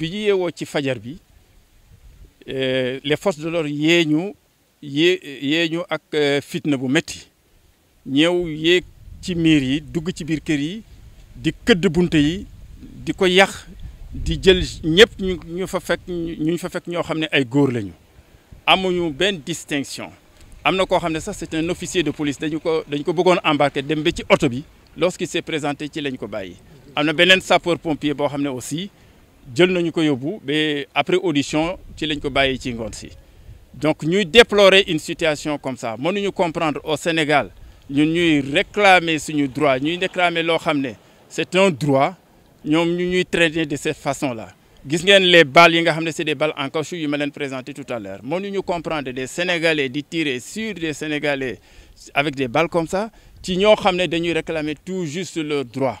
bi ñu ci fajar bi euh, les forces de l'ordre yee ñu ak euh, fitna bu métti ñëw yéeg ci miir yi dugg ci biir kër yi di këdd bunte yi di ko yax di jël ñëpp ñu fa fekk ñu fa fekk ñoo xam ay góor lañu amuñu benn distinction am na koo xam c'est un officier de police dañu ko dañu ko bëggoon embarqué dem ba ci oto bi lorsqu'il s'est présenté ci lañ ko bàyyi am na beneen sapeur pompier boo xam aussi jël nañu ko yóbbu ba après audition ci lañ ko bàyyi ci ngoon donc ñuy déplorer une situation comme ça nous comprendre au Sénégal ñun ñuy réclamer suñu droit ñuy réclamer loo xam c'est un droit Nous ñu ñuy traiter de cette façon là gis ngeen les balles yi nga c'est des balles en caoutchouc yu ma leen présenté tout à l'heure mënuñu comprendre des Sénégalais di sur des Sénégalais avec des balles comme ça ci ñoo xam ne dañuy réclamer tout juste leur droit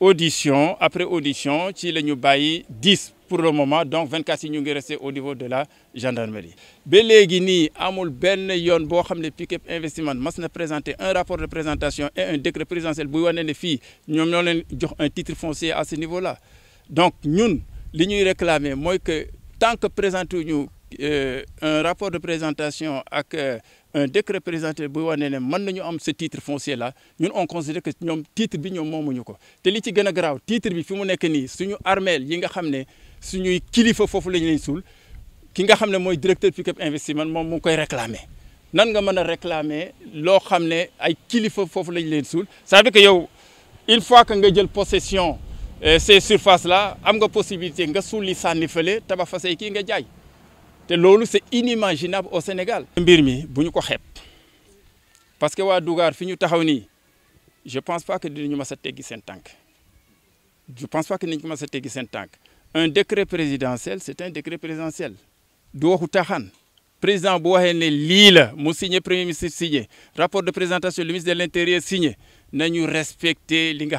audition après audition ci lañu bayyi 10 pour le moment donc 24 quatre ñu resté au niveau de la gendarmerie ba légui ni amul ben yon bo xamné Pickup Investissement mas na présenter un rapport de présentation et un décret présidentiel pour wane ne nous ñom un titre foncier à ce niveau là donc ñun li ñuy réclamer moy que tant que présente nous euh, un rapport de présentation ak euh, un décret présenté ce titre foncier là nous on considère que titre bi li ci a titre bi fi mu nekk suñu yi nga xamné kilifa directeur Investissement réclamer nan réclamer lo xamné que une fois que nga jël possession euh, ces surfaces là am nga possibilité nga li c'est inimaginable au Sénégal. parce que waa Dougar taxaw je pense pas que nous sommes je pense pas que nous sommes. a un décret présidentiel c'est un décret présidentiel Le président bu Lille, mon signé premier ministre signé rapport de présentation le ministre de l'intérieur signé Nous respecter li nga